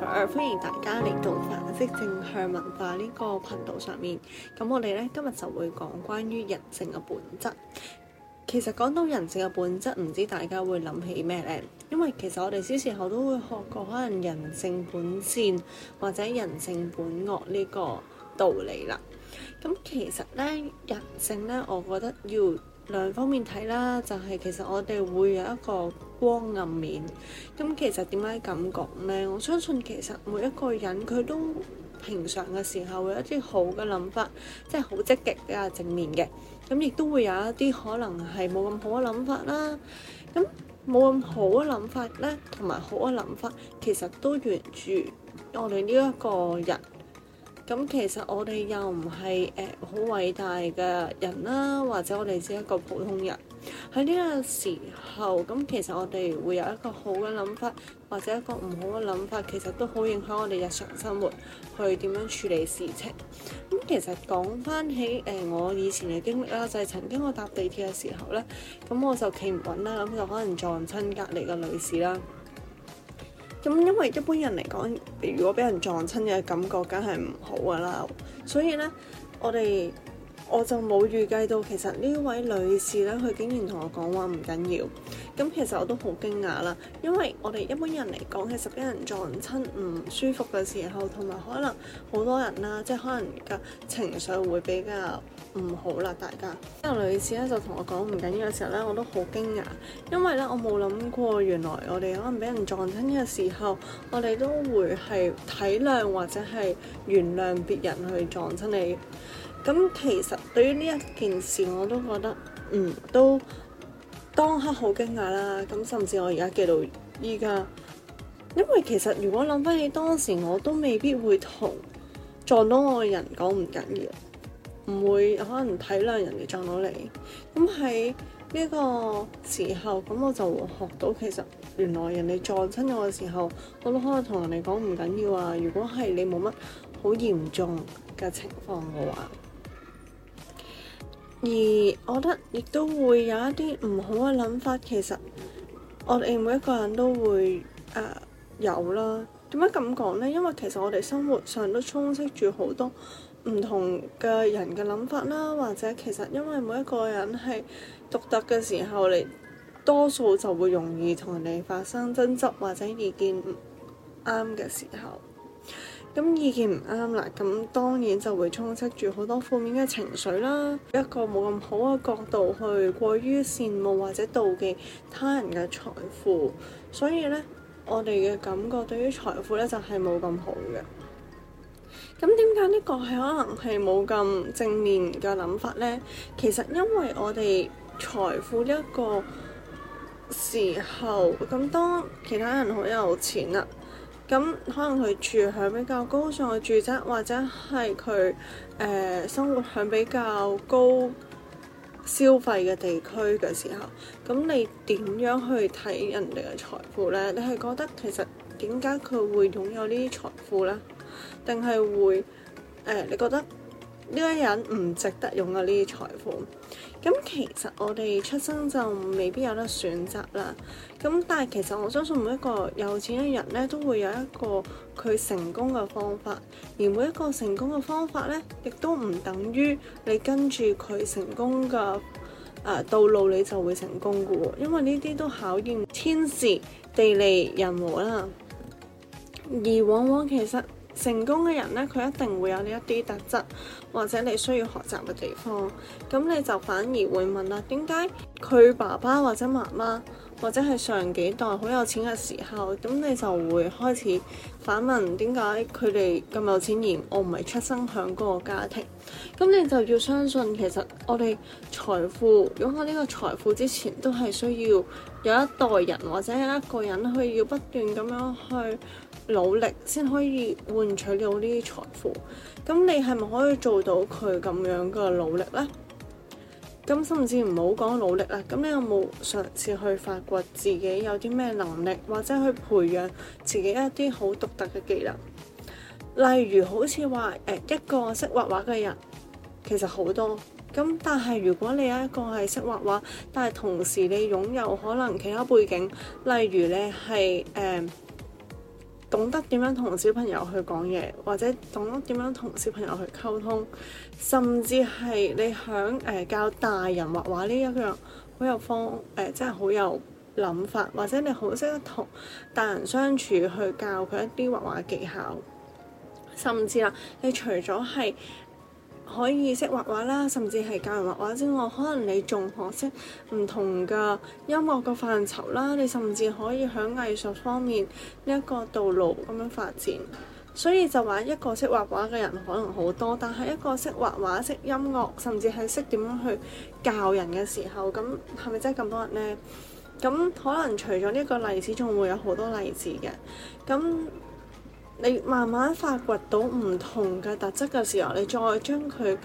歡迎大家嚟到 Fer 式正向文化呢個頻道上面，咁我哋呢，今日就會講關於人性嘅本質。其實講到人性嘅本質，唔知大家會諗起咩呢？因為其實我哋小時候都會學過，可能人性本善或者人性本惡呢個道理啦。咁其實呢，人性呢，我覺得要。兩方面睇啦，就係其實我哋會有一個光暗面。咁其實點解咁講呢？我相信其實每一個人佢都平常嘅時候會有一啲好嘅諗法，即係好積極，比較正面嘅。咁亦都會有一啲可能係冇咁好嘅諗法啦。咁冇咁好嘅諗法呢，同埋好嘅諗法，其實都源住我哋呢一個人。咁其實我哋又唔係誒好偉大嘅人啦，或者我哋只係一個普通人。喺呢個時候，咁其實我哋會有一個好嘅諗法，或者一個唔好嘅諗法，其實都好影響我哋日常生活去點樣處理事情。咁其實講翻起誒我以前嘅經歷啦，就係曾經我搭地鐵嘅時候咧，咁我就企唔穩啦，咁就可能撞親隔離嘅女士啦。咁因為一般人嚟講，如果俾人撞親嘅感覺，梗係唔好㗎啦。所以咧，我哋我就冇預計到，其實呢位女士呢，佢竟然同我講話唔緊要。咁其實我都好驚訝啦，因為我哋一般人嚟講，其實俾人撞親唔舒服嘅時候，同埋可能好多人啦，即係可能個情緒會比較唔好啦。大家，呢位女士呢，就同我講唔緊要嘅時候呢，我都好驚訝，因為呢，我冇諗過，原來我哋可能俾人撞親嘅時候，我哋都會係體諒或者係原諒別人去撞親你。咁其實對於呢一件事，我都覺得，嗯，都當刻好驚訝啦。咁甚至我而家記到依家，因為其實如果諗翻起當時，我都未必會同撞到我嘅人講唔緊要，唔會可能體諒人哋撞到你。咁喺呢個時候，咁我就會學到其實原來人哋撞親我嘅時候，我都可能同人哋講唔緊要啊。如果係你冇乜好嚴重嘅情況嘅話。而我覺得亦都會有一啲唔好嘅諗法，其實我哋每一個人都會誒、呃、有啦。點解咁講呢？因為其實我哋生活上都充斥住好多唔同嘅人嘅諗法啦，或者其實因為每一個人係獨特嘅時候，嚟多數就會容易同人哋發生爭執或者意見唔啱嘅時候。咁意見唔啱啦，咁當然就會充斥住好多負面嘅情緒啦，一個冇咁好嘅角度去過於羨慕或者妒忌他人嘅財富，所以呢，我哋嘅感覺對於財富呢，就係冇咁好嘅。咁點解呢個係可能係冇咁正面嘅諗法呢？其實因為我哋財富一個時候咁，當其他人好有錢啦。咁可能佢住響比較高尚嘅住宅，或者係佢誒生活響比較高消費嘅地區嘅時候，咁你點樣去睇人哋嘅財富呢？你係覺得其實點解佢會擁有呢啲財富呢？定係會誒、呃？你覺得？呢個人唔值得擁有呢啲財富咁，其實我哋出生就未必有得選擇啦。咁但係其實我相信每一個有錢嘅人咧，都會有一個佢成功嘅方法。而每一個成功嘅方法咧，亦都唔等於你跟住佢成功嘅誒、呃、道路，你就會成功㗎喎。因為呢啲都考驗天時地利人和啦。而往往其實。成功嘅人咧，佢一定會有呢一啲特質，或者你需要學習嘅地方，咁你就反而會問啦：點解佢爸爸或者媽媽。或者係上幾代好有錢嘅時候，咁你就會開始反問點解佢哋咁有錢？而我唔係出生響嗰個家庭，咁你就要相信其實我哋財富，擁有呢個財富之前都係需要有一代人或者一個人去要不斷咁樣去努力，先可以換取到呢啲財富。咁你係咪可以做到佢咁樣嘅努力呢？咁甚至唔好講努力啦，咁你有冇嘗試去發掘自己有啲咩能力，或者去培養自己一啲好獨特嘅技能？例如好似話誒一個識畫畫嘅人，其實好多。咁但係如果你有一個係識畫畫，但係同時你擁有可能其他背景，例如你係誒。呃懂得點樣同小朋友去講嘢，或者懂得點樣同小朋友去溝通，甚至係你響誒、呃、教大人畫畫呢一樣好有方誒，真係好有諗法，或者你好識得同大人相處去教佢一啲畫畫技巧，甚至啦，你除咗係。可以識畫畫啦，甚至係教人畫畫之外，可能你仲學識唔同嘅音樂嘅範疇啦。你甚至可以喺藝術方面呢一個道路咁樣發展。所以就話一個識畫畫嘅人可能好多，但係一個識畫畫、識音樂，甚至係識點樣去教人嘅時候，咁係咪真係咁多人呢？咁可能除咗呢個例子，仲會有好多例子嘅。咁。你慢慢發掘到唔同嘅特質嘅時候，你再將佢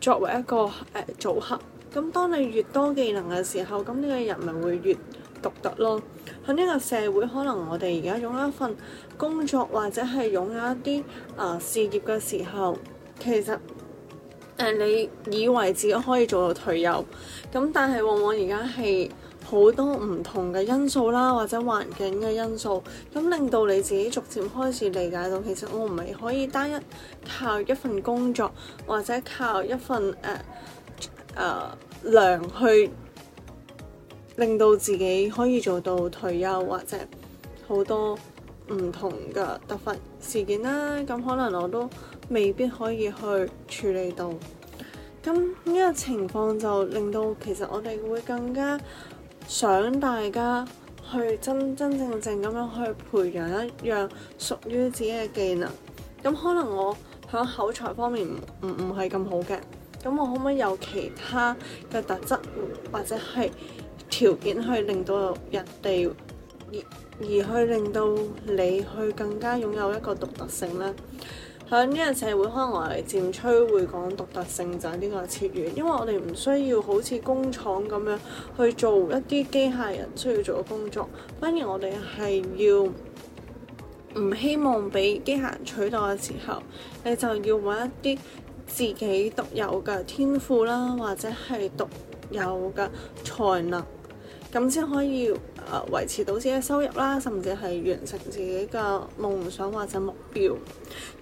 作為一個誒、呃、組合。咁當你越多技能嘅時候，咁呢個人咪會越獨特咯。喺呢個社會，可能我哋而家擁有一份工作，或者係擁有一啲啊、呃、事業嘅時候，其實誒、呃、你以為自己可以做到退休，咁但係往往而家係。好多唔同嘅因素啦，或者環境嘅因素，咁令到你自己逐漸開始理解到，其實我唔係可以單一靠一份工作或者靠一份誒誒、uh, uh, 糧，去令到自己可以做到退休，或者好多唔同嘅突發事件啦，咁可能我都未必可以去處理到。咁呢、這個情況就令到其實我哋會更加。想大家去真真正正咁樣去培養一樣屬於自己嘅技能，咁可能我響口才方面唔唔係咁好嘅，咁我可唔可以有其他嘅特質或者係條件去令到人哋而而去令到你去更加擁有一個獨特性呢？喺呢個社會，可能我哋漸趨會講獨特性就係呢個切願，因為我哋唔需要好似工廠咁樣去做一啲機械人需要做嘅工作，反而我哋係要唔希望俾機械人取代嘅時候，你就要揾一啲自己獨有嘅天賦啦，或者係獨有嘅才能，咁先可以，誒、呃、維持到自己嘅收入啦，甚至係完成自己嘅夢想或者目標。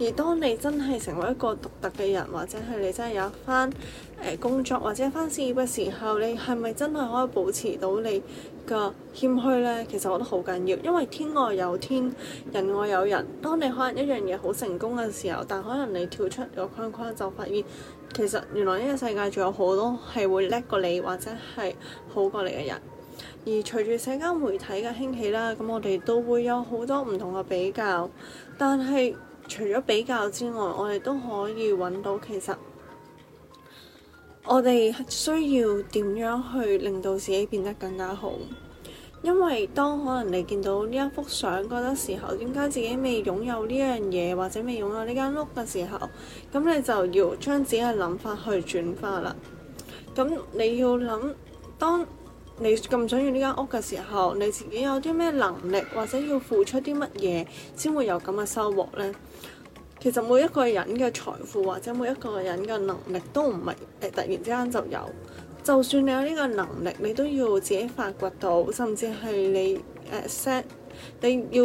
而當你真係成為一個獨特嘅人，或者係你真係有一番誒、呃、工作或者一番事業嘅時候，你係咪真係可以保持到你嘅謙虛呢？其實我覺得好緊要，因為天外有天，人外有人。當你可能一樣嘢好成功嘅時候，但可能你跳出個框框就發現，其實原來呢個世界仲有好多係會叻過你或者係好過你嘅人。而隨住社交媒體嘅興起啦，咁我哋都會有好多唔同嘅比較。但係除咗比較之外，我哋都可以揾到其實我哋需要點樣去令到自己變得更加好。因為當可能你見到呢一幅相，嗰時候點解自己未擁有呢樣嘢，或者未擁有呢間屋嘅時候，咁你就要將自己嘅諗法去轉化啦。咁你要諗當你咁想要呢間屋嘅時候，你自己有啲咩能力，或者要付出啲乜嘢，先會有咁嘅收穫呢？其實每一個人嘅財富或者每一個人嘅能力都唔係突然之間就有。就算你有呢個能力，你都要自己發掘到，甚至係你誒 set，你要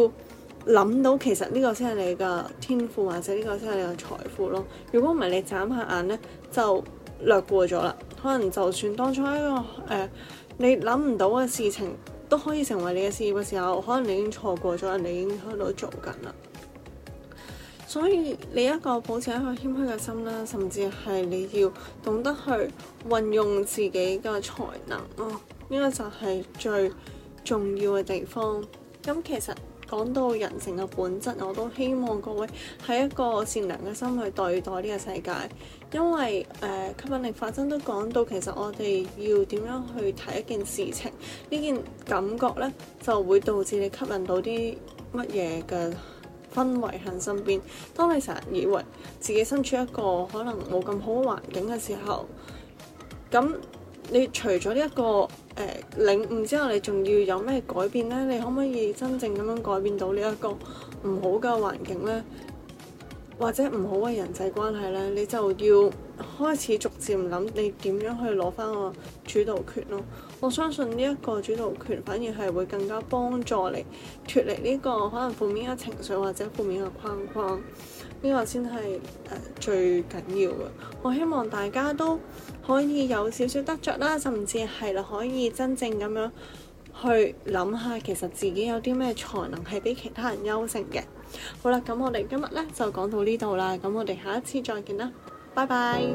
諗到其實呢個先係你嘅天賦，或者呢個先係你嘅財富咯。如果唔係，你眨下眼呢，就略過咗啦。可能就算當初一個誒、呃、你諗唔到嘅事情，都可以成為你嘅事業嘅時候，可能你已經錯過咗，人哋已經喺度做緊啦。所以你一個保持一個謙虛嘅心啦，甚至係你要懂得去運用自己嘅才能咯，呢、哦、個就係最重要嘅地方。咁、嗯、其實。講到人性嘅本質，我都希望各位喺一個善良嘅心去對待呢個世界，因為誒、呃、吸引力法則都講到，其實我哋要點樣去睇一件事情，呢件感覺咧就會導致你吸引到啲乜嘢嘅氛圍喺身邊。當你成日以為自己身處一個可能冇咁好環境嘅時候，咁你除咗呢一個誒領悟之後，你仲要有咩改變呢？你可唔可以真正咁樣改變到呢一個唔好嘅環境呢？或者唔好嘅人際關係呢？你就要開始逐漸諗你點樣去攞翻個主導權咯。我相信呢一個主導權反而係會更加幫助你脫離呢個可能負面嘅情緒或者負面嘅框框。呢個先係、呃、最緊要嘅。我希望大家都～可以有少少得着啦，甚至係啦，可以真正咁樣去諗下，其實自己有啲咩才能係比其他人優勝嘅。好啦，咁我哋今日呢就講到呢度啦，咁我哋下一次再見啦，拜拜。